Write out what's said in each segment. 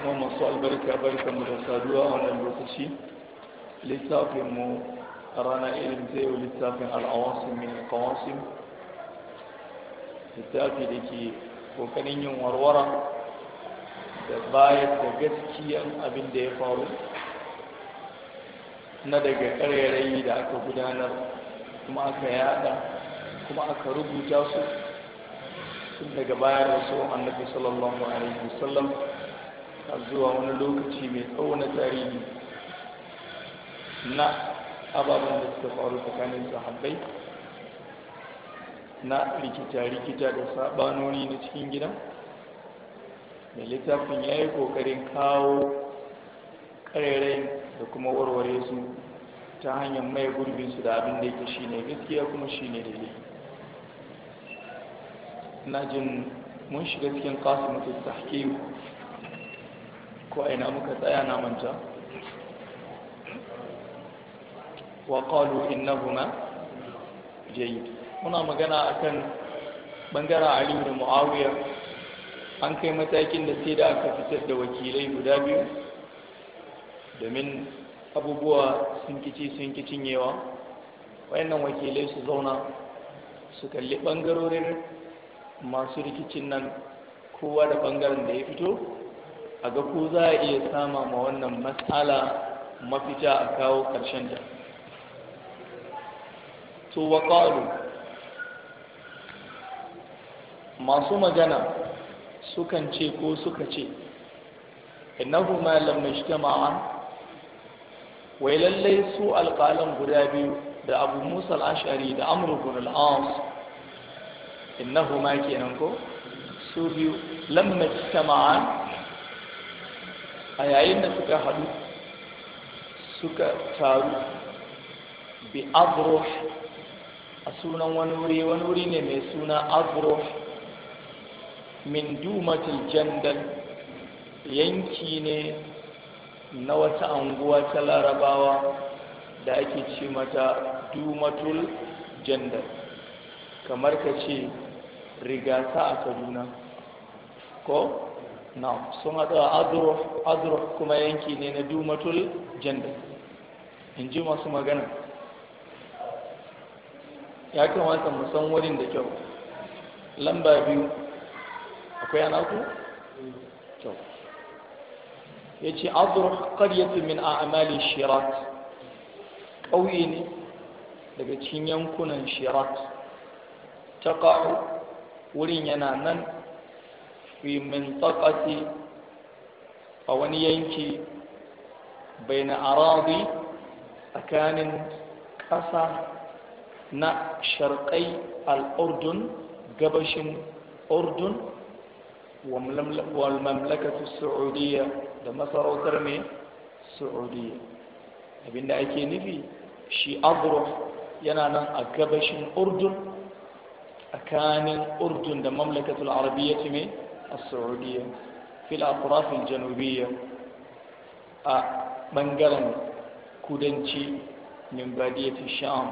kuma masu albarka barka mu da saduwa wannan lokaci littafin mu a rana irin zai yi littafin al'awasin min kawasin littafi da ke kokarin yin warwara da bayar da gaskiyan abin da ya faru na daga ƙarairayi da aka gudanar kuma aka yada kuma aka rubuta su tun daga bayar wasu annabi sallallahu alaihi wasallam har zuwa wani lokaci mai tsawo na tarihi na ababen da suka faru tsakanin sahabbai na rikita-rikita da sabanoni na cikin gida mai littafin ya yi kokarin kawo karerai da kuma warware su ta hanyar mai su da abin da yake shi ne gaskiya kuma shi ne da na jin mun shiga cikin kasu mutu ko ina muka tsaya na manta wa qalu innahuma jayyid muna magana akan bangaren Ali da Muawiya an kai matakin da sai da aka fitar da wakilai guda biyu domin abubuwa sun kici sun kicin yawa wayannan wakilai su zauna su kalli bangarorin masu rikicin nan kowa da bangaren da ya fito a ga ko za a iya sama ma wannan matsala mafita a kawo ƙarshen ta to wa masu magana sukan ce ko suka ce innahu ma lam majtama'a wai lallai su alƙalan guda biyu da abu musa al'ashari da amurkun al'ams innahu ma kenan ko su biyu lamma jitama'a a yayin da suka haɗu suka taru bi azroh a sunan wani wuri wani wuri ne mai suna azroh min dumatil jandal yanki ne na wata anguwa ta larabawa da ake ce mata dumatul jandal kamar ka ce rigasa a kaduna ko na sun haɗu a adruh kuma yanki ne na dumatul janda in ji masu magana ya kamata mu san wurin da kyau lamba biyu akwai anaku? kyau ya ce adruh ƙaryatu min a amalin shirat ƙauye ne daga cikin yankunan shirat ta ƙa'u wurin yana nan fi tsakasi a wani yanki baina arabi tsakanin ƙasa na sharƙai al'urdun gabashin urdun wal mamlakatu saudiya da masarautar mai saudiya abinda ake nufi shi azruf yana nan a gabashin urdun tsakanin urdun da mamlakatu arabiyyati mai السعودية في الأطراف الجنوبية بنغرن كودنشي من بادية الشام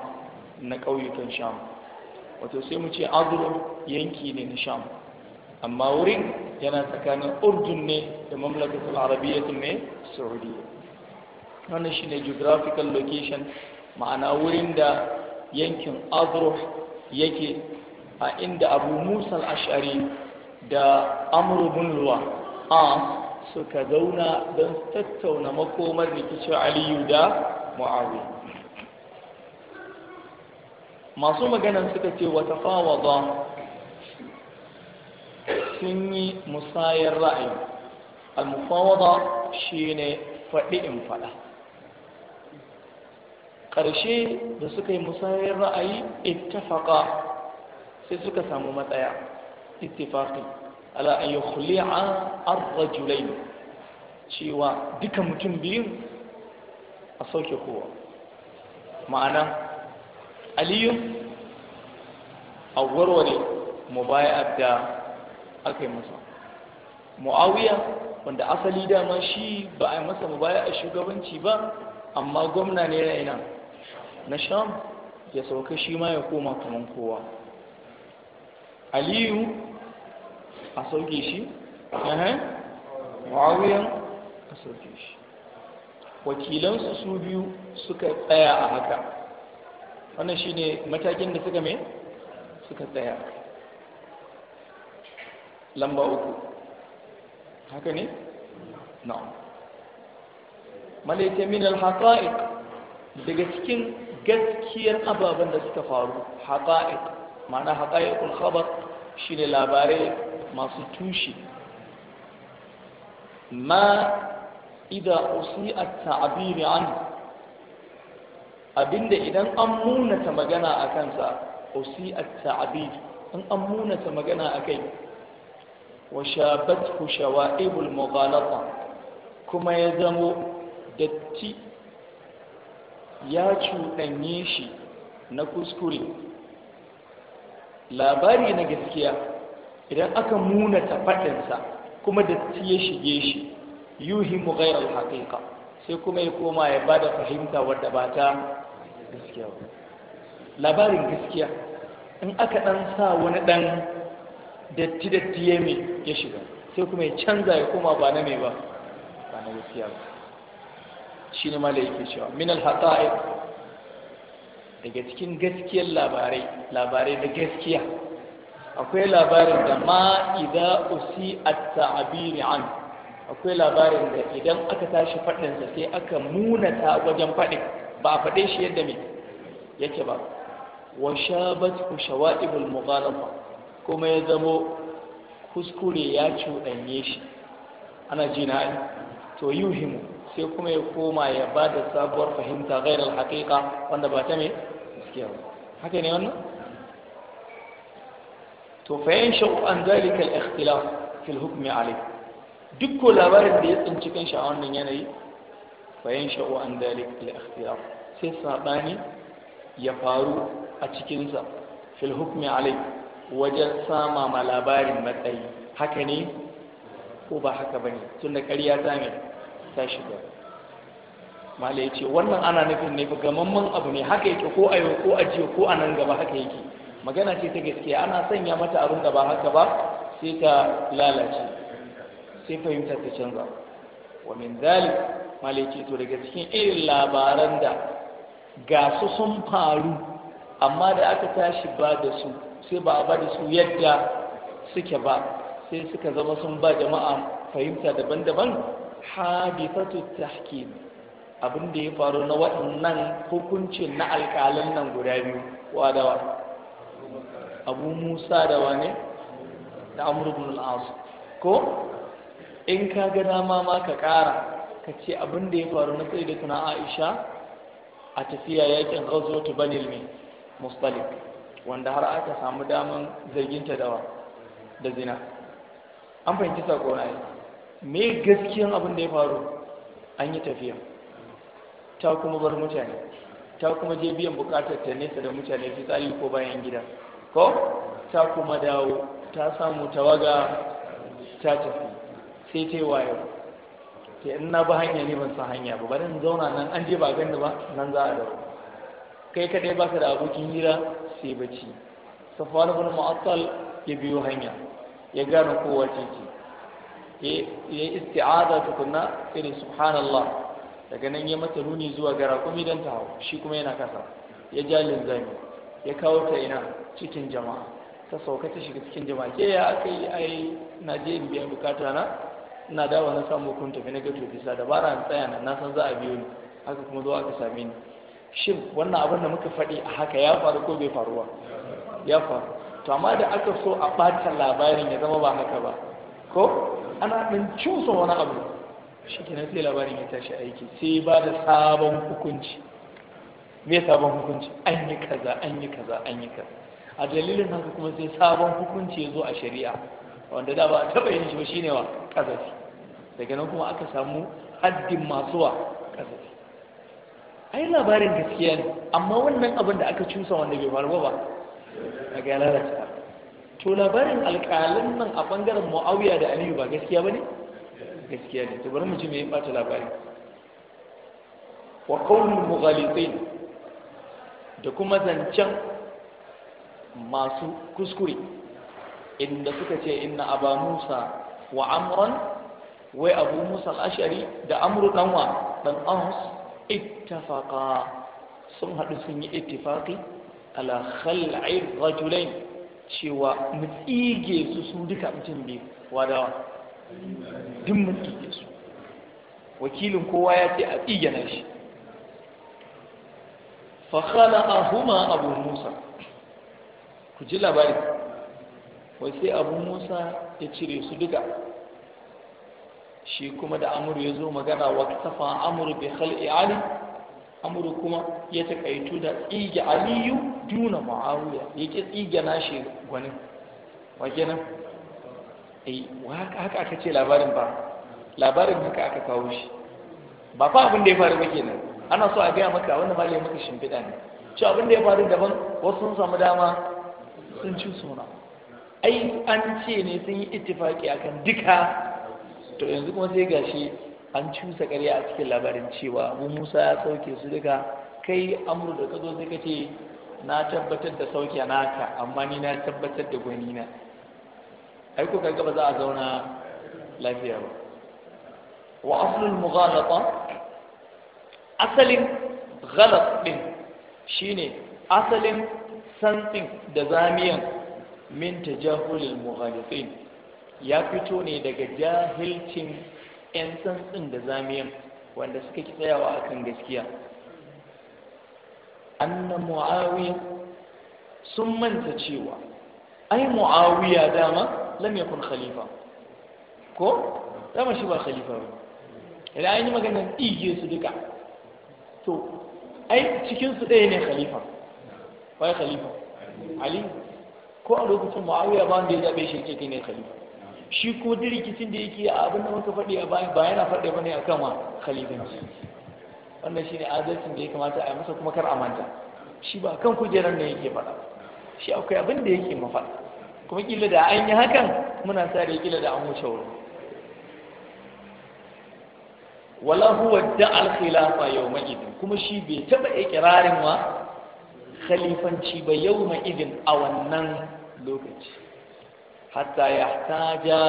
نكوي كان شام وتسيمتي عضل ينكي لنا شام أما ورين ينا تكان أردن المملكة العربية من السعودية wannan shine geographical location ma'ana wurin da yankin azruf yake a inda abu musa al-ash'ari da amru bin a suka zauna don tattauna makomar rikicin aliyu da mu'awi masu maganan suka ce wata sun yi musayar ra'ayi al-mufawada shine faɗi in faɗa ƙarshe da suka yi musayar ra'ayi ittafaqa sai suka samu matsaya ittifaqi ala an yukhli'a ar-rajulayn cewa duka mutum biyun a sauke kowa ma'ana aliyu a warware mubaya'ar da aka yi masa mu'awiya wanda asali dama shi ba a yi masa a shugabanci ba amma gwamna ne na ina na sham ya sauka shi ma ya koma kaman kowa aliyu a sauke shi muawiyan a sauke shi wakilansu su biyu suka tsaya a haka wannan shi ne matakin da suka mai suka tsaya lamba uku haka ne? na'am malaita min al daga cikin gaskiyar ababen da suka faru haqa'iq ma'ana haqa'iqul khabar shine labarai masu tushe ma usi a ta'abiri an abinda idan an munata magana a kansa usi a in an munata magana a kai wa ku shawa'ibul mughalata kuma ya zamo datti ya cuɗanye shi na kuskure labari na gaskiya idan aka muna tafaɗinsa kuma da ya shige shi yuhi mu gairar haƙiƙa sai kuma ya koma ya ba da fahimta wadda ba ta gaskiya labarin gaskiya in aka ɗan sa wani ɗan datti-datti ya mai ya shiga sai kuma ya canza ya koma ba na mai ba ba na gaskiya ba shi ne ma da cewa min al-haqa'iq daga cikin gaskiyar labarai labarai da gaskiya akwai labarin da ma idan usi at-ta'biri an akwai labarin da idan aka tashi fadin sai aka munata wajen fadi ba a fade shi yadda me yake ba wa shabat shawa'ibul mughalafa kuma ya zamo kuskure ya cuɗanye shi ana jina to yuhimu sai kuma ya koma ya ba da sabuwar fahimta gairar haƙiƙa wanda ba ta mai gaskiya ba haka ne wannan to fa shi an zalika al-ikhtilaf fil hukm alai duk ko labarin da ya tsinci shi a wannan yanayi fa shi an zalika al-ikhtilaf sai sabani ya faru a cikin sa fil hukm alai wajen sama ma labarin matsayi haka ne ko ba haka bane tunda ƙarya ta ne ta shiga malai ya ce wannan ana nufin ne gamamman abu ne haka yake ko a yau ko a jiya ko a nan gaba haka yake magana ce ta gaskiya ana sanya mata abin da ba haka ba sai ta lalace sai fahimta ta canza wa min zalik malai ce to daga cikin irin labaran da gasu sun faru amma da aka tashi ba da su sai ba a ba da su yadda suke ba sai suka zama sun ba jama'a fahimta daban-daban hadithatu tahkim abin da ya faru na waɗannan hukuncin na alƙalin nan guda biyu wa da wa abu musa da wa ne da amurbin al'asu ko in ka ga dama ma ka ƙara ka ce abin da ya faru na sai da tuna aisha a tafiya yakin ta banil mai musbalik wanda har aka samu daman zarginta dawa da zina an fahimci sako na me gaskiyan abin da ya faru an yi tafiya ta kuma bar mutane ta kuma je biyan bukatar ta nesa da mutane fitsari ko bayan gida ko ta kuma dawo ta samu tawaga ta tafi sai ta yi wayo ta in na ba hanya ne ban sa hanya ba bari zauna nan an je ba gani ba nan za a dawo kai kadai ka da abokin hira sai bacci safwan bin mu'attal ya biyo hanya ya gano kowa ce ce ya isti'ada tukunna irin subhanallah daga nan ya mata nuni zuwa Gara kuma Idan ta hau shi kuma yana kasa ya ja linzami ya kawo ta ina cikin jama'a ta sauka ta shiga cikin jama'a ke ya aka yi ai na je in biya bukata na ina dawo na samu kun tafi na gato bisa dabara in tsaya na, na san za a biyo ni haka kuma zo aka same ni shin wannan abin da muka faɗi a haka ya faru ko bai faru ba ya faru to amma da aka so a ɓata labarin ya zama ba haka ba ko ana ɗin cusa wani abu shi ke nasi labarin ya tashi aiki sai ba da sabon hukunci me sabon hukunci an yi kaza an yi kaza an yi kaza a dalilin haka kuma sai sabon hukunci ya zo a shari'a wanda da ba a taɓa yin shi ba shine wa kazafi daga nan kuma aka samu haddin masu wa kazafi ai labarin gaskiya ne amma wannan abin da aka cusa wanda bai faru ba a ga lalata to labarin alƙalin nan a ɓangaren mu'awiya da aliyu ba gaskiya ba ne gaskiya ne to bari mu ji me ya bata labari wa qawlul mughalitin da kuma zancen masu kuskure inda suka ce inna aba musa wa amran wai abu musa ashari da amru dan wa dan aus ittafaqa sun hadu sun yi ittifaqi ala khal'i rajulain cewa mu tsige su su duka mutum biyu wadawa duk mun su wakilin kowa ya ce a tsige na shi fa khalaqahuma abu musa ku ji labari wai sai abu musa ya cire su duka shi kuma da amuru ya zo magana wa kafa amuru bi khalqi ali amuru kuma ya takaitu da tsige aliyu duna Ya yake tsige na shi gwanin wa kenan eh haka aka ce labarin ba labarin haka aka kawo shi ba fa abin da ya faru ba kenan ana so a gaya maka wanda ma maka shimfiɗa ne shi abin da ya faru daban wasu sun samu dama sun ci suna ai an ce ne sun yi ittifaki akan duka to yanzu kuma sai gashi an cusa ƙarya a cikin labarin cewa mu Musa ya sauke su duka kai amru da ka sai ka ce na tabbatar da sauke naka amma ni na tabbatar da gwani ai ko kaga ba za a zauna lafiya ba wa aslul mughalata asalin ghalat din shine asalin santin da zamiyan min tajahulil mughalitin ya fito ne daga jahilcin yan santin da zamiyan wanda suka ki tsayawa akan gaskiya anna muawiya sun manta cewa ai muawiya dama lam yakun khalifa ko zama shi ba khalifa ba idan an yi maganar ɗige su duka to ai cikin su ɗaya ne khalifa wai khalifa ali ko a lokacin muawiya ba wanda ya zabe shi ce ne khalifa shi ko dirikicin da yake a abin da muka faɗi a bayan ba yana faɗi bane akan wa khalifanci wannan shine adalcin da ya kamata a yi masa kuma kar a manta shi ba kan kujerar ne yake faɗa shi akwai abin da yake mafaɗa kuma kila da an yi hakan muna sa da kila da an wuce wurin wala huwa da al-khilafa kuma shi bai taɓa ikirarin wa khalifanci ba yau idin a wannan lokaci hatta yahtaja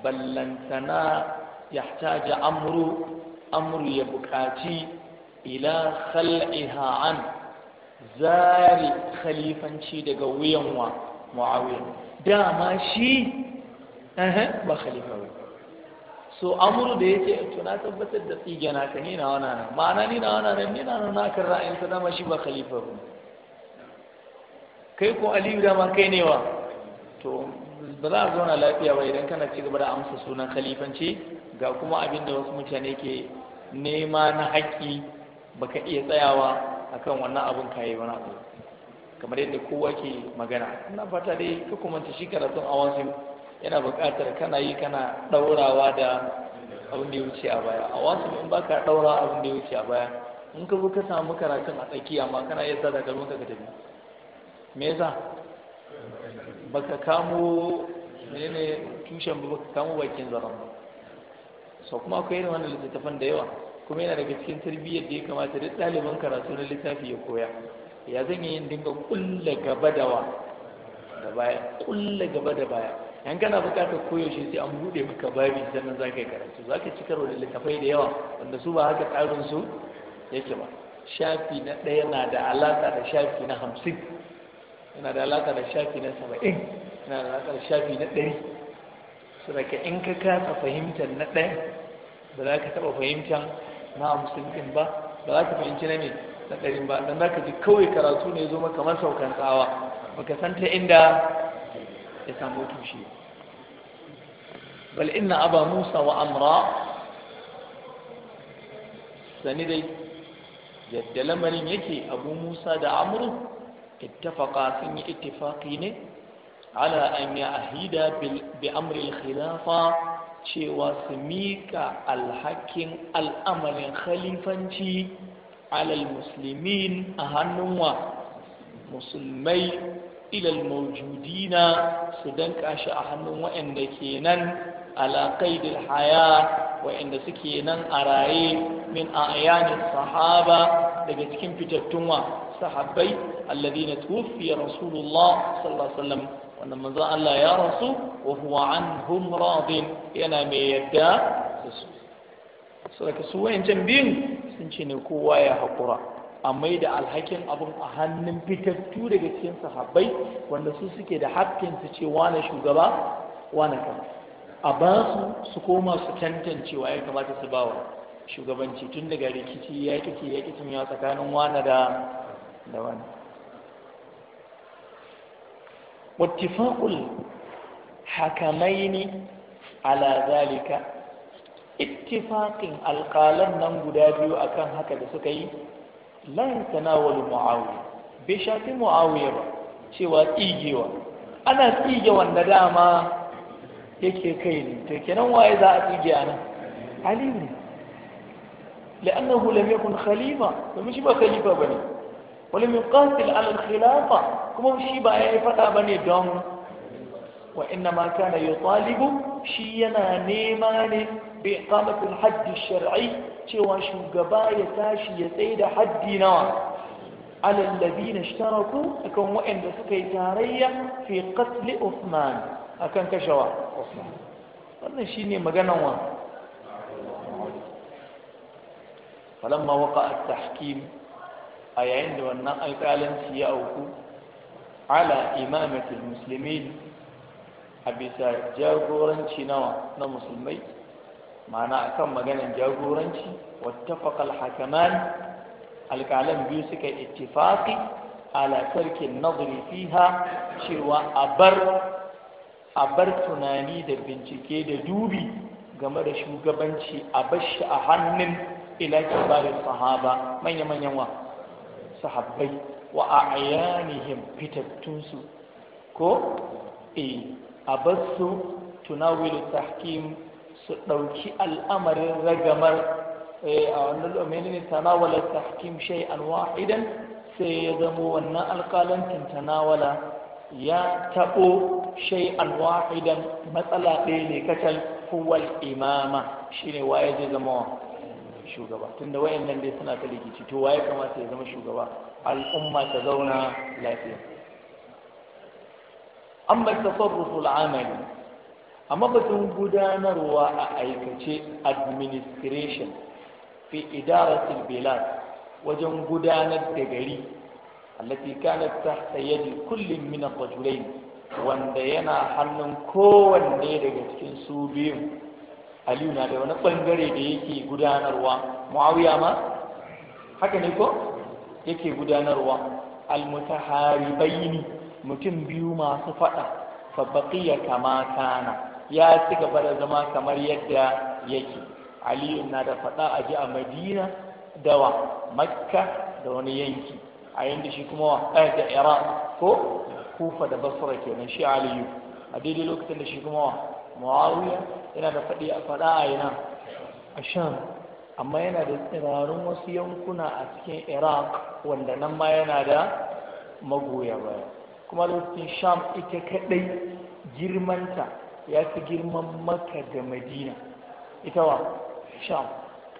ballantana yahtaja amru amru ya bukaci ila khal'iha an zari khalifanci daga wuyan wa muawiya dama shi ba khalifa ba so amuru da ya to na tabbatar da tsige na ka ni na wana na ma'ana ni na wana na ni na na na kan ra'ayin ta dama shi ba khalifa ba kai ko aliyu dama kai ne wa to ba za a zauna lafiya ba idan kana ci gaba da amsa sunan khalifanci ga kuma abin da wasu mutane ke nema na haƙƙi baka iya tsayawa akan wannan abin kayi wani abu kamar yadda kowa ke magana ina fata dai ka kumanta shi karatun awansu yana buƙatar kana yi kana ɗaurawa da abin da ya wuce a baya wasu in ba ka ɗaura abin da ya wuce a baya in ka zo ka samu karatun a tsaki amma kana iya da garin ka tafi me yasa baka kamo ne tushen ba baka kamo bakin zaran ba so kuma akwai irin wannan littattafan da yawa kuma yana daga cikin tarbiyyar da ya kamata duk ɗaliban karatu na littafi ya koya ya zan yi dinga kulle gaba da wa da baya kulle gaba da baya yan kana bukatar koyaushe sai an bude maka babi sannan za ka yi karatu za ka ci karo da littafai da yawa wanda su ba haka tsarin su yake ba shafi na ɗaya na da alaƙa da shafi na hamsin yana da alaƙa da shafi na saba'in yana da alaƙa da shafi na ɗari su da in ka kasa fahimtar na ɗaya ba za ka taɓa fahimtar na hamsin ɗin ba ba za ka fahimci na mai na ɗarin ba dan zaka ji kawai karatu ne zo maka kamar saukan tsawa baka san ta inda ya samu tushe bal inna aba musa wa amra sani dai yadda lamarin yake abu musa da amru ittafaqa sun yi ittifaqi ne ala an ya ahida bi amri khilafa cewa su miƙa alhakin al'amarin khalifanci alal muslimin a hannun wa musulmai ilal maujudina su danka shi a hannun waɗanda ke nan alaƙai da haya waɗanda suke nan a raye min a sahaba daga cikin fitattun wa sahabbai alladhi na tufiya rasulullah sallallahu alaihi wasallam wannan Allah ya rasu wa huwa anhum radin yana mai yadda da su saboda su wayancan biyun sun ce ne kowa ya haƙura a mai da alhakin abin a hannun fitattu daga cikin sahabbai wanda su suke da haƙƙin su ce wane shugaba wane kama a ba su su koma su tantancewa ya kamata su bawa shugabanci tun daga rikici ya kici ya kicin ya tsakanin wane da da wani hakamai ne ala zalika ittifaqin alƙalan nan guda biyu akan haka da suka yi la yatanawalu muawiya bai shafi muawiya ba cewa tsigewa ana tsige wanda dama yake kai ne to kenan waye za a tsige anan ali ne لأنه لم يكن خليفة فمش با خليفة بني ولم يقاتل على الخلافة كما مش با يفتا بني دون وإنما كان يطالب شينا نيماني بإقامة الحد الشرعي شو شوان شوقباء يتاشي يتيد حد نوع على الذين اشتركوا أكون وإن بسكي تاريا في قتل أثمان أكون كشوا أثمان فلن شيني مغنوا فلما وقع التحكيم أي عند وناء قال على إمامة المسلمين أبي سعد جاء قرن شنوا نمسلمين ma'ana a kan maganan jagoranci wattafaqal hakaman alƙalan biyu suka ittifaqi ala tarkin nazari fiha cewa a bar a bar tunani da bincike da dubi game da shugabanci a bashi a hannun ila kibarin sahaba manya-manyan wa sahabbai wa a ayanihim fitattunsu ko e a basu tunawilu tahkim su ɗauki al'amarin ragamar eh, a wannan domin tanawala tahkim an wahidan sai ya zamo wannan alƙalancin tanawala ya taɓo an wahidan matsala ɗaya ne kacal huwal imama ne waye zai zama shugaba tunda wayannan dai suna ta rikici to waye kamata ya zama shugaba al'umma ta zauna lafiya amma tasarrufu al'amali amma batun gudanarwa a aikace administration fi idaratul bilad wajen gudanar da gari allati kana ta yadi kullum min ar wanda yana hannun kowanne daga cikin su biyu aliyu na da wani bangare da yake gudanarwa muawiya ma haka ne ko yake gudanarwa al-mutaharibaini mutum biyu masu faɗa, fa baqiya kama kana ya ci gaba da zama kamar yadda yake aliyu na da faɗa a ji a madina dawa makka da wani yanki a yanda shi kuma wa eh, da iraq ko kufa da basra kenan shi aliyu a daidai lokacin da shi kuma wa muawiya yana da faɗi a faɗa a yana a sham amma yana da tsirarun wasu yankuna a cikin iraq wanda nan ma yana da magoya baya kuma lokacin sham ita kaɗai girmanta ya fi girman maka da madina ita wa sham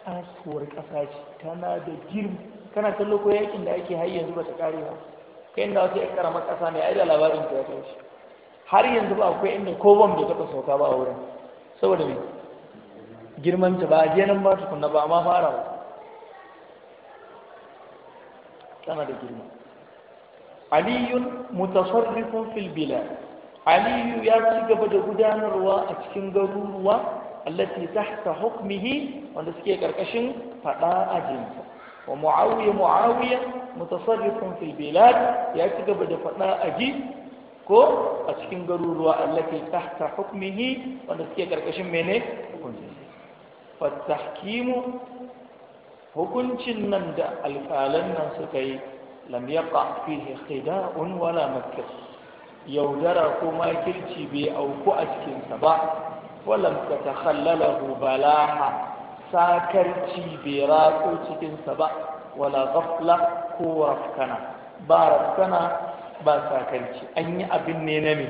kasuwar ƙasa ce tana da girma kana kallo ko yakin da ake har yanzu ba ta kare ba kai inda wasu yan karamar ƙasa ne ai da labarin ta ya tashi har yanzu ba akwai inda ko bom bai taɓa sauka ba a wurin saboda me girman ta ba a je nan ba tukunna ba ma fara ba tana da girma aliyun mutasarrifun fil bilad aliyu ya ci gaba da gudanarwa a cikin garuruwa allati tahta hukmihi wanda suke karkashin fada ajinsa wa muawiya muawiya mutasarrifun fil bilad ya ci gaba da fada aji ko a cikin garuruwa allati tahta hukmihi wanda suke karkashin mene hukunci fa tahkimu hukuncin nan da alƙalan nan suka yi lam yaqa fihi khida'un wala makkah yaudara ko makirci bai auku a cikinsa ba walam ka ta khallalahu balaha sakarci bai ratso cikinsa ba wala ghafla ko rafkana ba rafkana ba sakarci an yi abin ne na me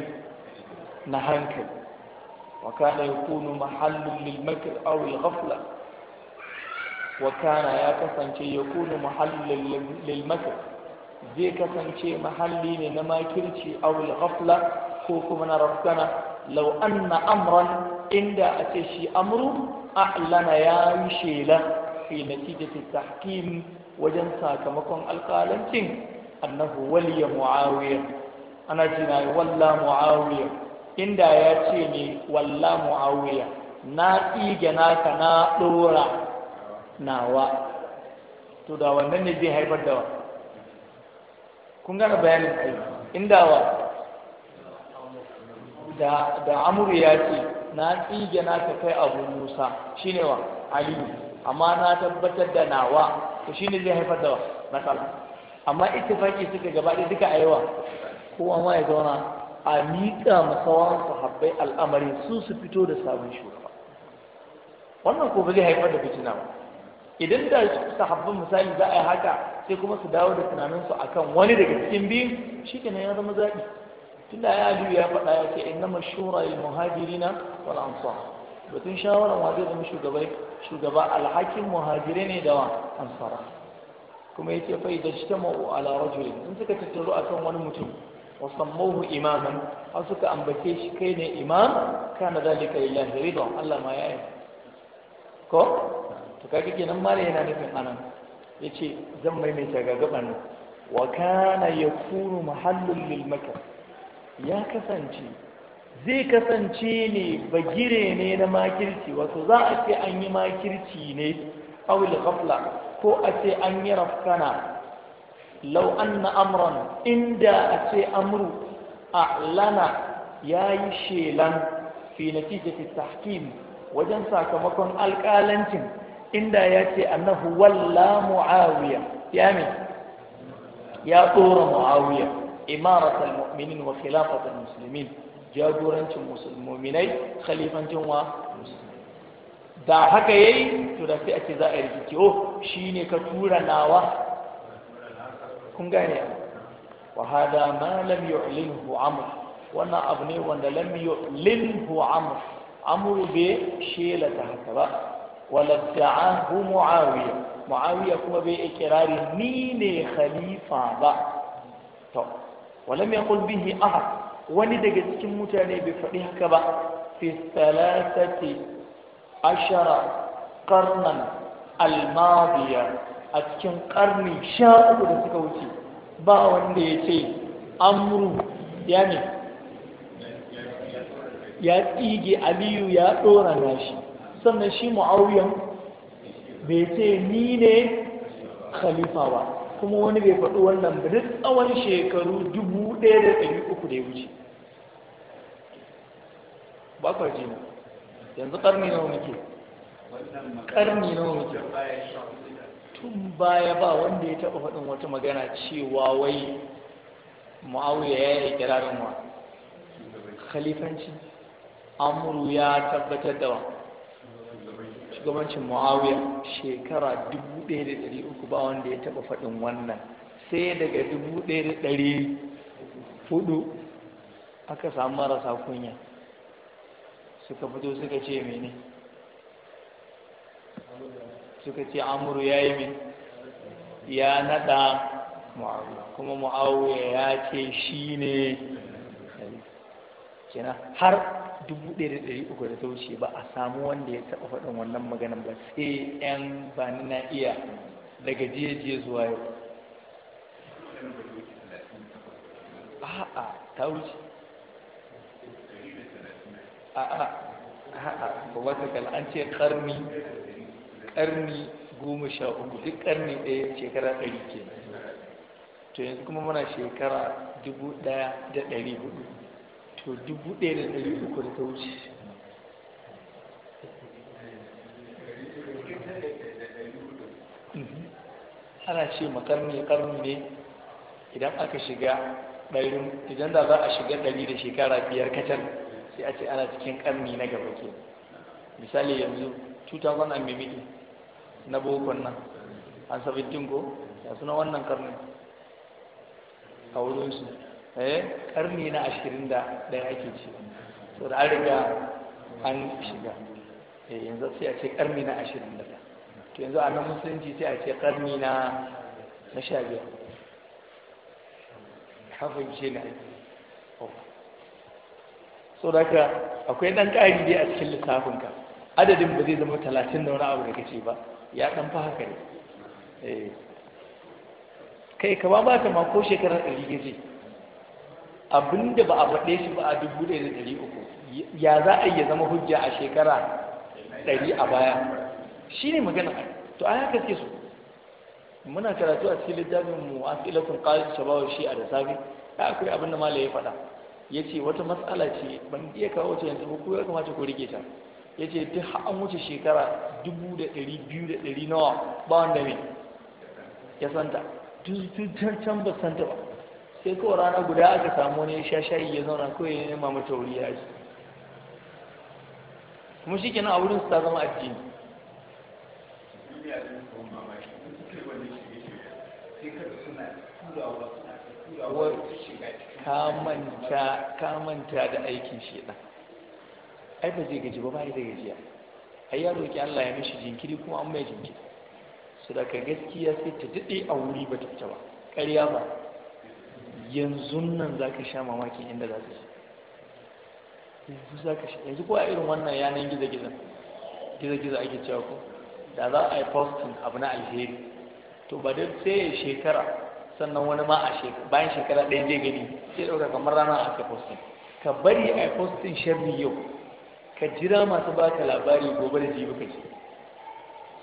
na hankali Wakana ya kunu mahallun lil makr aw al ghafla ya kasance ya kunu lil makr zai kasance mahalli ne na makirci awul ghafla ko kuma na rafkana law anna amran inda a ce shi amru a'lana ya yi shela fi natijati tahkim wajen sakamakon alƙalancin annahu waliya muawiya ana jina walla muawiya inda ya ce ne walla muawiya na tsige naka na ɗora nawa to da wannan ne zai haifar da wa kun gane bayanin kai inda wa da da amru ya ce na tsige na ta kai abu musa shine wa aliyu amma na tabbatar da nawa to shine zai haifar da matsala amma ittifaki suka gaba ɗaya duka aiwa Ko amma ya zauna a miƙa masawan sahabbai al'amari su su fito da sabon shugaba wannan ko ba zai haifar da fitina ba idan da sahabban misali za a yi haka sai kuma su dawo da tunaninsu akan wani daga cikin biyu. shi kenan ya zama zaɓi tunda ya aliyu ya faɗa ya ce ina shura muhajirina wal ansar batun shawarar wa zai zama shugaba shugaba alhakin muhajirai ne da wa ansara kuma yace fa idan shi tamau ala rajulin in suka tattaru akan wani mutum wa sammuhu imaman har suka ambace shi kai ne imam kana zalika lillahi ridwan Allah ma ya yi ko to kaga kenan mala yana nufin anan yace zan maimaita ga gaban nan wa kana yakunu mahallul lil makr ya kasance zai kasance ne bagire ne na makirci wato za a ce an yi makirci ne awil ghafla ko a ce an yi rafkana lau anna amran inda a ce amru a'lana ya yi shelan fi natijati tahkim wajen sakamakon alƙalancin inda ya ce annahu walla muawiya ya mi? ya tsora muawiya imaratul mu'minin wa khilafatul muslimin jagorancin musulmominai khalifancin wa da haka yayi to da sai ake za a yi rikici oh shine ka tura nawa kun gane wa hada ma lam yu'linhu amr wannan abu ne wanda lam yu'linhu amr amru be shela ta haka ba walabta'ahu muawiya muawiya kuma bai ikirari ni ne khalifa ba to walam yaqul bihi ahad wani daga cikin mutane bai faɗi haka ba fi thalathati ashara qarnan almadiya a cikin karni sha uku da suka wuce ba wanda ya ce amru ya ne ya tsige aliyu ya ɗora nashi sannan shi mu'awiyan bai ce ni ne khalifa ba kuma wani bai faɗi wannan ba duk tsawon shekaru dubu ɗaya da ɗari uku da ya wuce ba kwa jina yanzu ƙarni nawa muke ƙarni nawa muke tun baya ba wanda ya taɓa faɗin wata magana cewa wai mu'awiya ya yi ikirarin wa khalifanci amuru ya tabbatar da wa shugabancin muawiya shekara 1300 ba wanda ya taba faɗin wannan sai daga 1400 aka samu marasa kunya suka fito suka ce mene suka ce amuru ya yi min ya nada mu'awiya kuma mu'awiya ya ce shi ne har dubu ɗaya da ɗari uku da ta wuce ba a samu wanda ya taɓa faɗin wannan maganan ba sai yan ba na iya daga jiye zuwa yau a'a ta wuce a'a a'a ba wata kala an ce karni karni goma sha uku duk karni ɗaya shekara ɗari ke to yanzu kuma muna shekara dubu ɗaya da ɗari hudu to dubu ɗaya da ɗari uku da ta wuce mhm. ana ce ma karni ne idan aka shiga ɗarin idan da za a shiga ɗari da shekara biyar kacal sai a ce ana cikin karni na gaba ke misali yanzu 2000 an mimiki na bokon nan an sabbin ko ya suna wannan karni a wurinsu eh karni na ashirin da ɗaya ake ce so da an riga an shiga eh, yanzu sai a ce karni na ashirin da ta, to yanzu a nan musulunci sai a ce karni na na sha biyar hafin ce na oh. so da ka akwai ɗan ƙari dai a cikin lissafinka adadin ba zai zama talatin da wani abu da kace ba ya ɗan fi haka ne eh. kai ka ba ta ma ko shekarar ɗari gaji Abin da ba a faɗe shi ba a dubu ɗaya da ɗari uku ya za a iya zama hujja a shekara ɗari a baya shi ne magana to a haka ke su muna karatu a cikin littafin mu a filatun ƙalin shabawa shi a da safe ya akwai abinda malam ya faɗa ya ce wata matsala ce ban iya kawo ta yanzu ba ko ya kamata ko rike ta ya ce ta an wuce shekara dubu da ɗari biyu da ɗari nawa ba wanda ne ya santa duk can ba santa ba sai kawai rana guda aka samu ne sha shayi ya zauna kawai ya nema mata wuri ya ji kuma shi kenan a wurin su ta zama addini kamanta da aikin shi ai ba zai gaji ba ba da gajiya ai ya roƙi Allah ya mishi jinkiri kuma an mai jinkiri su daga gaskiya sai ta daɗe a wuri ba ta fita ba ƙarya ba yanzu nan za ka sha mamakin inda za ka yanzu za ka sha yanzu ko irin wannan yanayin gizo gizagiza gizo-gizo ake cewa ko da za a yi faustin abu na alheri to ba dai sai ya shekara sannan wani ma a bayan shekara ɗaya zai gani sai ɗauka kamar rana a ka faustin, ka bari a yi postin sharri yau ka jira masu ka labari gobe da jibi ce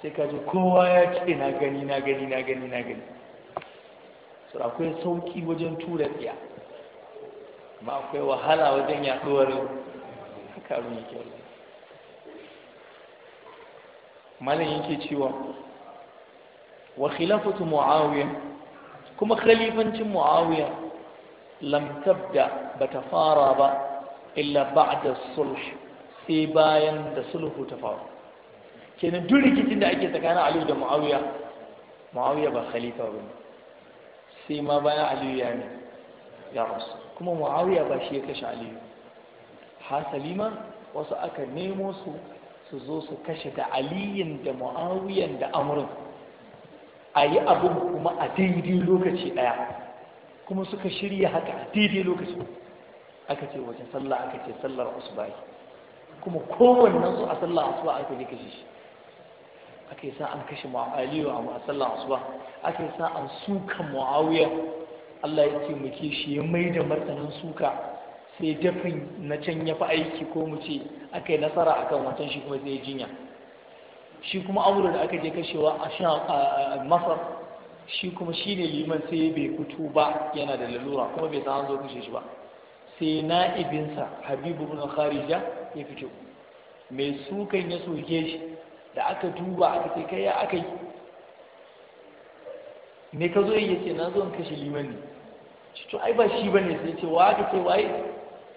sai ka ji kowa ya ce na gani na gani na gani na gani akwai sauki wajen tura tsiya ma akwai wahala wajen yaduwar haka abin yake malin yake cewa wa khilafatu muawiya kuma khalifancin muawiya lam tabda bata fara ba illa ba'da sulh sai bayan da sulhu ta faru kenan duk rikicin da ake tsakanin Aliyu da Muawiya Muawiya ba khalifa ne. sai ma bayan aliyu ya ne ya rasu kuma muawiya ba shi ya kashe aliyu hasali ma wasu aka nemo su su zo su kashe da aliyin da muawiyan da amurin a yi abin kuma a daidai lokaci ɗaya kuma suka shirya haka a daidai lokaci aka ce wajen sallah aka ce sallar asuba kuma kowannen su a sallar asuba aka je kashe shi ake sa an kashe aliyu a sallar asuba ake sa an suka muawiya Allah ya ce taimake shi ya mai da martanin suka sai dafin na can ya fi aiki ko mu ce aka yi nasara akan watan shi kuma sai jinya shi kuma amurka da aka je kashewa a shan masar shi kuma shi ne liman sai bai fito ba yana da lalura kuma bai san zo kashe shi ba sai na'ibinsa habibu bin kharija ya fito mai sukan ya soke shi da aka duba aka ce kai ya aka yi me ka zo ya ce na zo in kashe liman ne shi to ai ba shi bane sai ce wa aka ce waye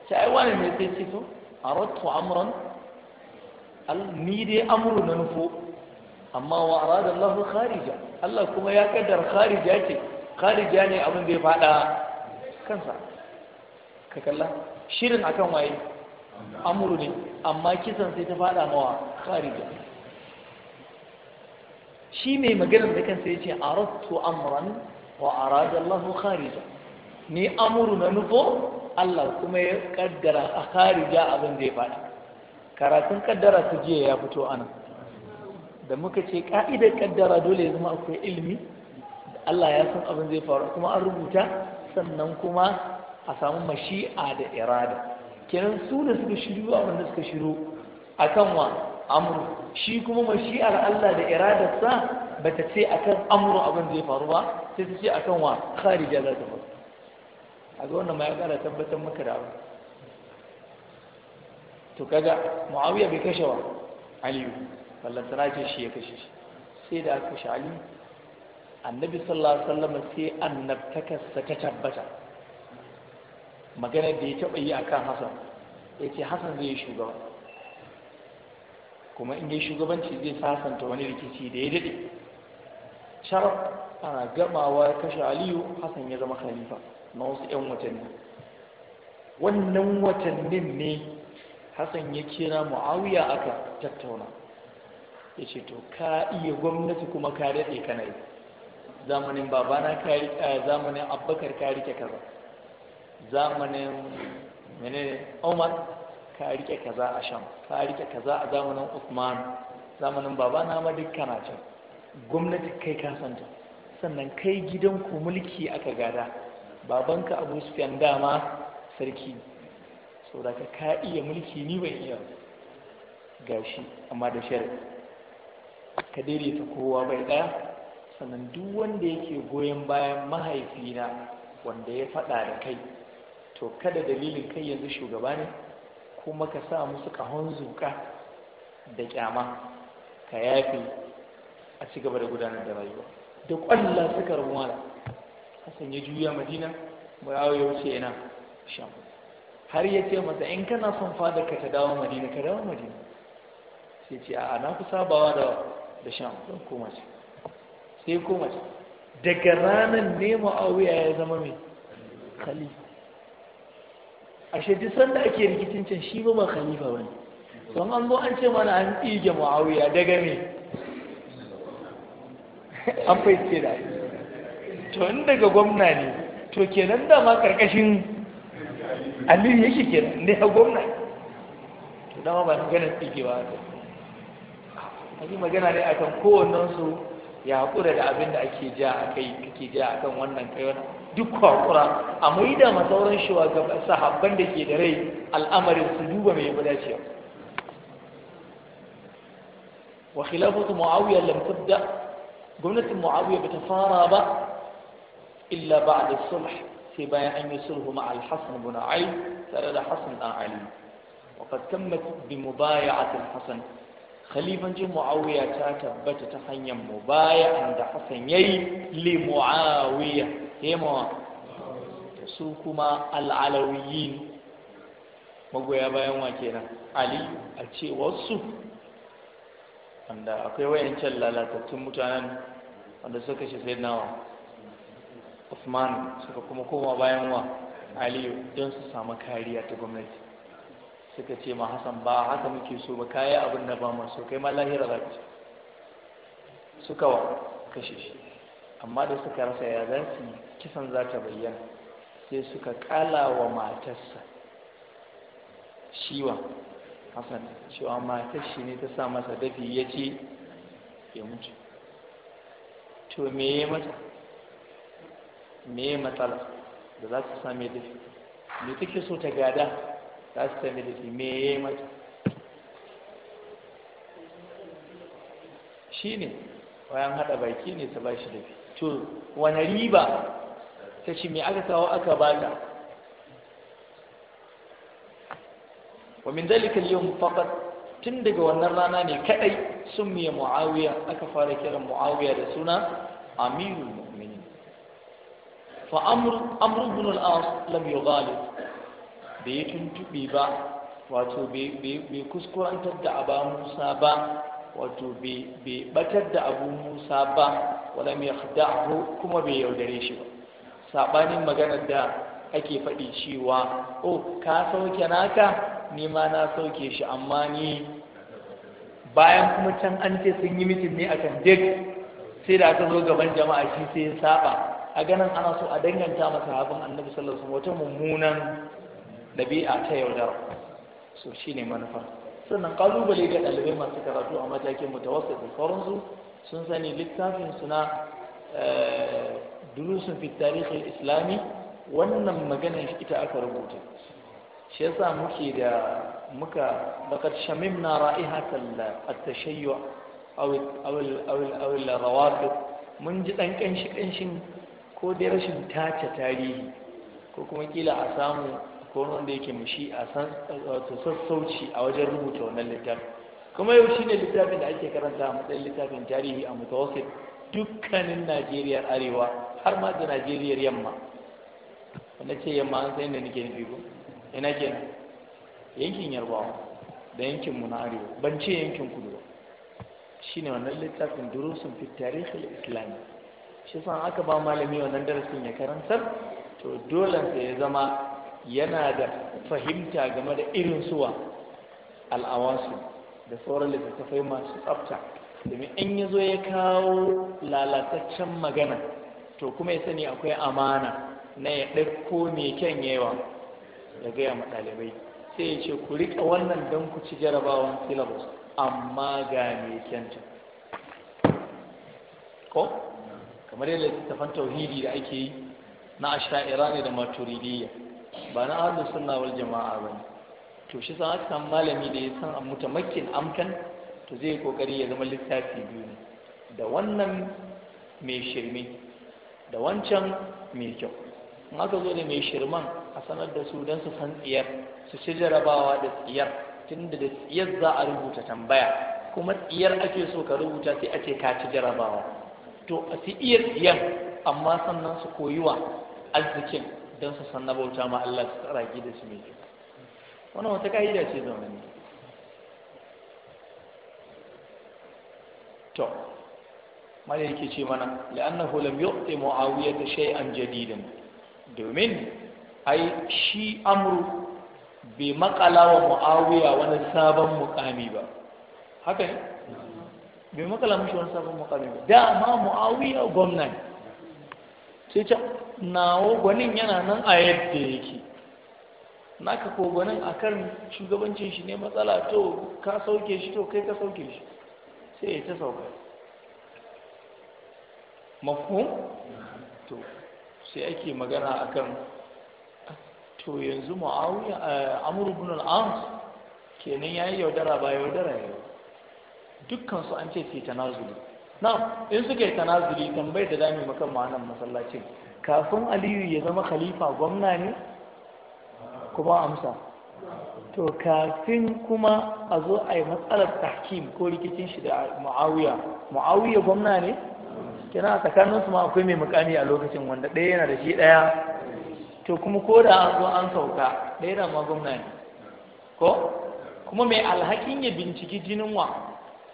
ce ai wani ne sai ce to aradtu amran ni dai amru na nufo amma wa arada Allah kharija Allah kuma ya kaddar kharija ce kharija ne abin da ya fada kansa ka kalla shirin akan waye amru ne amma kisan sai ta fada mawa kharija shi mai maganar da kansa ya ce a aradtu amran wa arada Allah kharija ni amuru na nufo Allah kuma ya kaddara a kharija abin da ya faɗi karatun kaddara ta jiya ya fito ana da muka ce ka'idar kaddara dole ya zama akwai ilimi Allah ya san abin zai faru kuma an rubuta sannan kuma a samu mashi'a da irada kenan su da suka shiru a wanda suka shiru akan wa amuru shi kuma mashi'ar Allah da iradarsa ba ta ce akan amuru abin zai faru ba sai ta ce akan wa kharija za ta faru a ga wannan ma ya kara tabbatar maka da abin to kaga muawiya bai kashe wa aliyu wallan tana ce shi ya kashe shi sai da aka kashe aliyu annabi sallallahu alaihi wasallam sai annabtakarsa ta tabbata maganar da ya taɓa yi akan hasan ya ce hasan zai yi shugaba kuma in yi shugabanci zai sasanta wani rikici da ya daɗe sharaf ana gamawa kashe aliyu hassan ya zama khalifa na wasu 'yan watanni wannan watannin ne hassan ya kira mu'awiya aka tattauna ya ce to ka iya gwamnati kuma ka daɗe na yi zamanin babana ka yi zamanin abbakar ka rike kaza zamanin menene omar ka rike kaza a sham ka rike kaza a zamanin usman zamanin babana na ma duk kana can gwamnati kai ka santa sannan kai gidan ku mulki aka gada babanka abu sufyan dama sarki saboda ka iya mulki ni ban iya gashi amma da shari ka daidaita kowa bai ɗaya? sannan duk wanda yake goyon bayan mahaifina wanda ya faɗa da kai to kada dalilin kai yanzu shugaba ne kuma ka sa musu kahon zuka da ƙyama ka yafi a ci gaba da gudanar da rayuwa da ƙwallon suka da. hassan ya juya madina ba ya wuce yana sham har ya ce masa in kana son fada ka ta dawo madina ka dawo madina sai ce a na kusa sabawa da da sham don koma ce sai koma ce daga ranar ne ma'awiya ya zama mai khalifa ashe duk sanda ake rikicin can shi ba ba khalifa ba ne don an zo an ce mana an ɗige muawiya daga me an ce da to in daga gwamna ne to kenan dama karkashin aliyu yake kenan ne a gwamna to dama ba maganar ɗige ba ta yi magana ne a kan kowannensu ya haƙura da abin da ake ja a kai kake ja a kan wannan kai wannan duk hakura a maida ma sauran shugaban sahabban da ke da rai al'amarin su duba mai yabi dace wa khilafatu muawiya lam tubda gwamnatin muawiya bata fara ba illa ba'da sulh sai bayan an yi sulhu ma al-hasan ibn ali tare da hasan dan ali wa qad tammat bi mubaya'ati al-hasan khalifancin muawiya ta tabbata ta hanyar mubaya'an da hasan yayi li muawiya yemawa da su kuma al'alawiyin magoya bayan wa kenan ali a ce wasu wanda akwai wayancan lalatattun mutanen wanda suka shi sai nawa Usman suka kuma koma bayan wa Aliyu don su samu kariya ta gwamnati suka ce ma Hassan ba haka muke so ba kayi abin da ba masu kai ma lahira za suka wa kashe shi amma da suka rasa ya za su kisan za ta bayyana sai suka kala wa matarsa shiwa hasan cewa matar shi ne ta sa masa dafi ya ce ya mutu to me ya mata me ya matsala da za su sami dafi me take so ta gada za su sami dafi me ya mata shi ne bayan haɗa baki ne ta ba shi dafi to wani riba ta ce me aka kawo aka baka? wa min dalika al-yawm faqat tun daga wannan rana ne kadai sun miya muawiya aka fara kiran muawiya da suna amirul mu'minin fa amr amr ibn al-as lam yughalib bai tuntube ba wato bai kuskurantar da abu musa ba wato bai batar da abu musa ba wala mai kuma bai yaudare shi ba saɓanin maganar da ake faɗi cewa oh ka sauke naka ni ma na sauke shi amma ni bayan kuma can an ce sun yi mitin ne akan duk sai da aka zo gaban jama'a shi sai ya saba a ganin ana so a danganta masa habin annabi sallallahu alaihi wasallam wata mummunan dabi'a ta yaudar. so shi ne manufa sannan kalubale ga ɗalibai masu karatu a matakin mutawassit da sauransu sun sani littafin suna eh, durusun fi tarihi islami wannan maganar ita aka rubuta shi yasa muke da muka laqad shamimna na at-tashayyu aw aw aw mun ji dan kanshi kanshin ko dai rashin tace tarihi ko kuma kila a samu ko wanda yake mushi a sassauci a wajen rubuta wannan littafin kuma yau shine littafin da ake karanta a matsayin littafin tarihi a mutawassit dukkanin najeriya arewa har ma da najeriya yamma wanda ce yamma an san da nake nufi ko ina kenan yankin yarbawa da yankin mu na arewa ban ce yankin kudu ba shine wannan littafin durusun fi tarihi islami shi san aka ba malami wannan darasin ya karantar to dole sai ya zama yana da fahimta game da irin suwa al'awansu da sauran littattafai masu tsafta domin in ya zo ya kawo lalataccen magana to kuma ya sani akwai amana na ya ɗarko mai kyan yawa ya gaya ma ɗalibai sai ya ce ku riƙa wannan don ku ci jarabawan syllabus amma ga mai kyanta ko kamar yadda littattafan tauhidi da ake yi na asha'ira ne da maturidiyya ba na ahlus sunna wal jama'a ba ne to shi san aka malami da ya san makin amkan to zai kokari ya zama littafi biyu ne da wannan mai shirme da wancan mai kyau in aka zo da mai shirman a sanar da su don su san tsiyar su ci jarabawa da tsiyar tun da tsiyar za a rubuta tambaya kuma tsiyar ake so ka rubuta sai a ce ka ci jarabawa to a su iya tsiyar amma sannan su koyi wa arzikin don su san na bauta ma Allah su tsaraki da su mai kyau wannan wata ka'ida ce ne to mala yake ce mana la'annahu lam yu'ti muawiya ta shay'an jadidan domin ai shi amru bai makala wa muawiya wani sabon mukami ba haka ne bai makala mishi wani sabon mukami ba da ma muawiya gwamnati sai ta nawo gwanin yana nan a yadda yake naka ko gwanin a kan shugabancin shi ne matsala to ka sauke shi to kai ka sauke shi sai ya ta sauka mafi to sai ake magana akan to yanzu ma'auya eh, amr ibn al-as ya yayi yaudara ba yaudara ya dukkan su an ce fi tanazuli na in suka yi tanazuli tambayar da dami maka ma masallacin kafin aliyu ya zama khalifa gwamna ne kuma amsa to kafin kuma a zo a yi matsalar tahkim ko rikicin shi da mu'awiya mu'awiya gwamna ne kina tsakanin su ma akwai mai mukami a lokacin wanda ɗaya yana da shi ɗaya to kuma ko da an zo an sauka ɗaya da ma gwamna ne ko kuma mai alhakin ya binciki jinin wa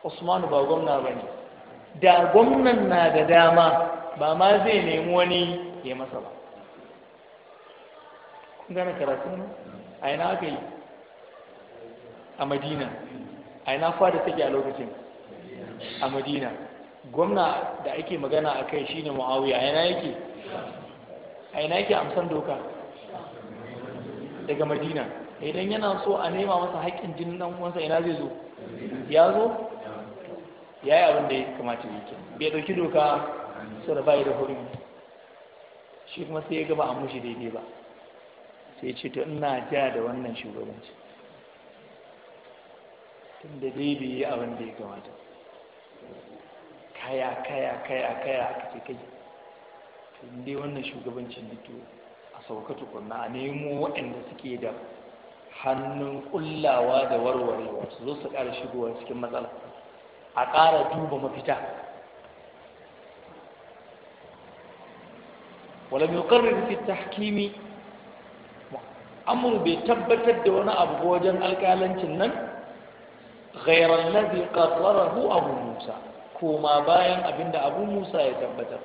usmanu ba gwamna ba ne da gwamnan na da dama ba ma zai nemi wani ya masa ba kun gane karatun a yana aka yi a madina a yana fada take a lokacin a madina gwamna da ake magana a kai shi ne muawiya a yana yake a yana yake amsan doka daga madina idan yana so a nema masa haƙƙin jinin ɗan uwansa ina zai zo ya zo ya yi abin da ya kamata yake bai ɗauki doka sau da bayi da hurin shi kuma sai ya gaba a mushi daidai ba sai ce to ina ja da wannan shugabanci tun da dai bai yi abin da ya kamata kaya kaya kaya kaya aka ce kai tun wannan shugabancin da a sauka tukunna a nemo waɗanda suke da hannun kullawa da warwarewa su zo su ƙara shigowa cikin matsala a ƙara duba mafita ولم يقرر في التحكيم amur bai tabbatar da wani abu wajen alƙalancin nan ghairar lazi qarrarahu abu musa koma bayan abinda abu musa ya tabbatar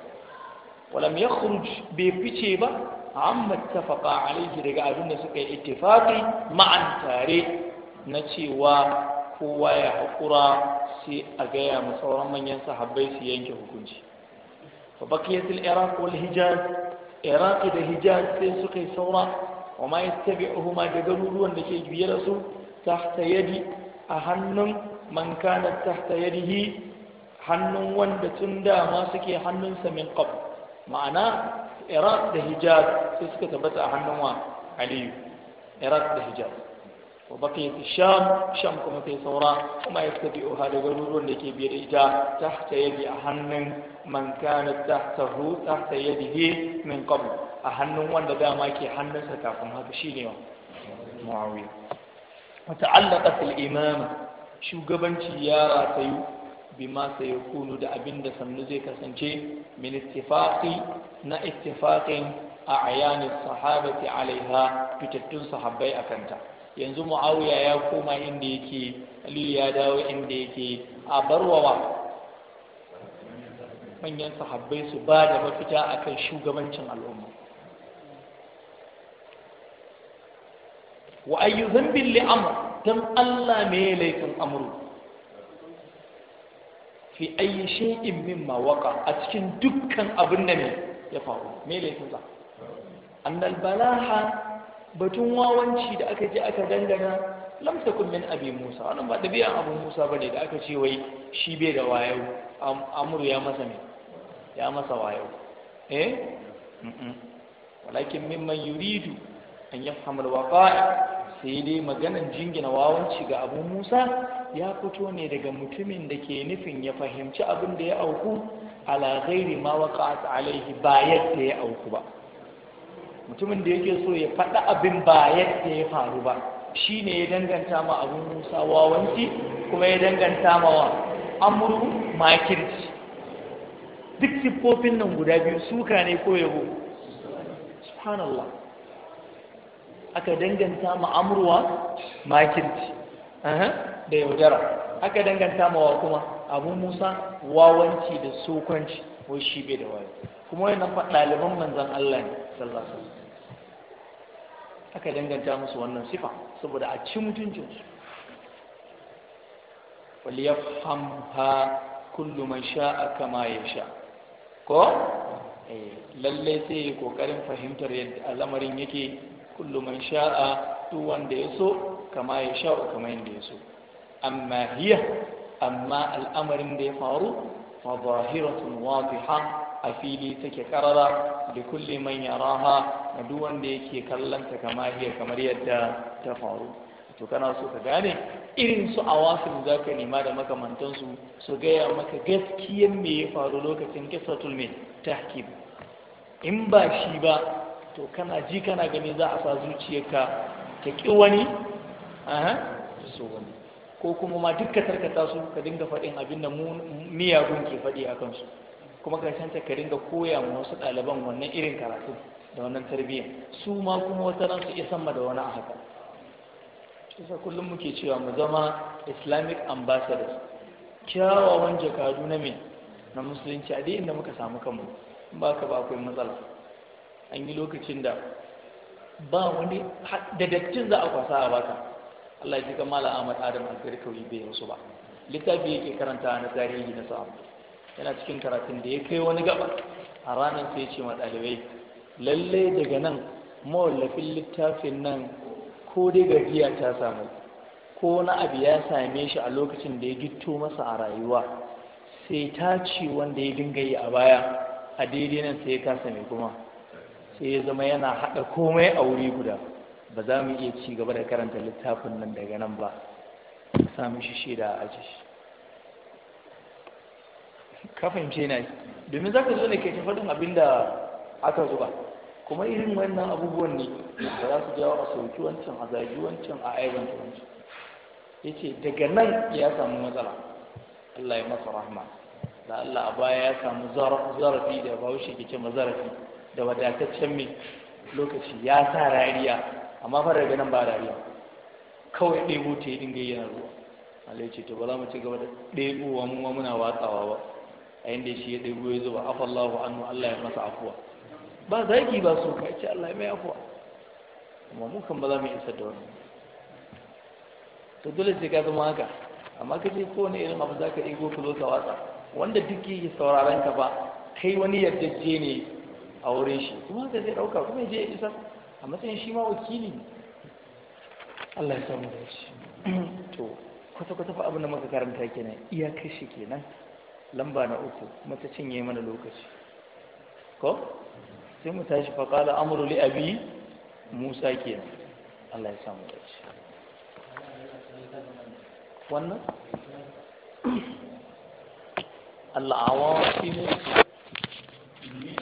walam yakhruj bai fice ba amma tafaqa alaihi daga abinda suka yi ittifaqi ma'an tare na cewa kowa ya haƙura sai a gaya ma sauran manyan sahabbai su yanke hukunci fa baqiyatul iraq wal hijaz iraq da hijaz sai suka yi saura wa ma yattabi'uhuma da garuruwan da ke biye da su tahta yadi a hannun man kana hannun wanda tun dama suke hannunsa min qab ma'ana iraq da hijaz sai suka tabbata a hannun wa aliyu iraq da hijaz wa baqiyat sham sham kuma sai saura kuma ya tabi oha da garuruwan da ke biye da ita tahta yadi a hannun man kana tahtahu tahta yadihi min qabl a hannun wanda dama ke hannunsa kafin haka shi ne muawiya wata allaka fil shugabanci ya ratayu masa sai kunu da abin da sannu zai kasance min ittifaqi na ittifaqin a ayani sahabati alaiha fitattun sahabbai akanta yanzu muawiya ya koma inda yake aliyu ya dawo inda yake a barwawa manyan sahabbai su ba da mafita akan shugabancin al'umma wa ayyu zambin li amr Don Allah me laifin amru fi ayyi shay'in mimma waqa a cikin dukkan abin da me ya faru me laifin sa annal balaha batun wawanci da aka je aka dangana lam takun min abi musa wannan ba dabi'an abu musa bane da aka ce wai shi bai da wayo amru ya masa ne ya masa wayo eh walakin mimman yuridu an yafhamu alwaqa'i sai dai maganan jingina wawanci ga abu musa ya fito ne daga mutumin da ke nufin ya fahimci abin da ya auku ala ghairi ma ƙasa alaihi ba yadda ya auku ba mutumin da yake so ya faɗa abin ba yadda ya faru ba shi ne ya danganta ma abu musa wawanci kuma ya danganta ma wa amuru makirci duk siffofin nan guda biyu suka ne ko yabo subhanallah aka danganta ma amurwa makirci da yaudara aka danganta ma wa kuma abu musa wawanci da sokwanci ko shi bai da wani kuma wannan fa ɗaliban manzon Allah ne sallallahu alaihi wasallam aka danganta musu wannan sifa saboda a ci mutuncin su ha kullu man sha'a kama yasha ko eh lalle sai kokarin fahimtar yadda al'amarin yake kullu man sha'a duk wanda ya so kama ya sha'u kama yadda ya so amma hiya amma al'amarin da ya faru fa zahiratun wadiha a fili take karara da kulli man ha na duk wanda yake kallanta kama hiya kamar yadda ta faru to kana so ka gane irin su awasin za ka nema da makamantansu su gaya maka gaskiyan me ya faru lokacin kisatul mai tahkim in ba shi ba to kana ji kana gani za a sa zuciyarka ta ƙi wani so wani ko kuma ma duka tarkata su ka dinga faɗin abin da miyagun ke faɗi a kansu kuma karshenta ka dinga koya ma wasu ɗaliban wannan irin karatu da wannan tarbiyyar su ma kuma wata ran su iya sama da wani a haka shi kullum muke cewa mu zama islamic ambassadors kyawawan jakadu na mai na musulunci a da muka samu kanmu ba ka ba akwai matsala an yi lokacin da ba wani da dattin za a kwasa a baka Allah ya jika mala Ahmad Adam Algarkawi bai yansu ba littafi yake karanta na tarihi na sa'a yana cikin karatun da ya kai wani gaba a ranar sai ce ma ɗalibai lalle daga nan mawallafin littafin nan ko dai gajiya ta samu ko na abu ya same shi a lokacin da ya gitto masa a rayuwa sai ta ce wanda ya dinga yi a baya a daidai nan sai ya kasa mai kuma sai ya zama yana haɗa komai a wuri guda ba za mu iya ci gaba da karanta littafin nan daga nan ba sami shi da a aji ka ce na domin za ka zo ne ke faɗin abin da aka zuba kuma irin wannan abubuwan ne da za su jawo a sauki wancan a zagi wancan a aibin wancan ya ce daga nan ya samu matsala Allah ya masa rahma da Allah a baya ya samu zarafi da bahaushe ke ce mazarafi da wadataccen mai lokaci ya sa rariya amma fara ganin nan ba rariya kawai ɗebo ta yi dinga yana ruwa Allah ce to ba za mu ci gaba da ɗebo wa mu muna watsawa ba a yanda shi ya ɗebo ya zuba afallahu anhu Allah ya masa afuwa ba yi ba so ka ce Allah ya mai afuwa amma mu kan ba za mu isa da wannan to dole sai ka zama haka amma ka ce kowane irin abu za ka ɗebo ka zo ka watsa wanda duk yake sauraron ka ba kai wani yardajje ne a wurin shi kuma haka zai ɗauka kuma je isa a matsayin shi ma wakili Allah ya samu da shi to kwata-kwata fa abin da muka karanta kenan iya kashi kenan lamba na uku mata cinye mana lokaci ko sai mu tashi fa qala amru li abi musa kenan Allah ya samu da shi wannan Allah awafi ne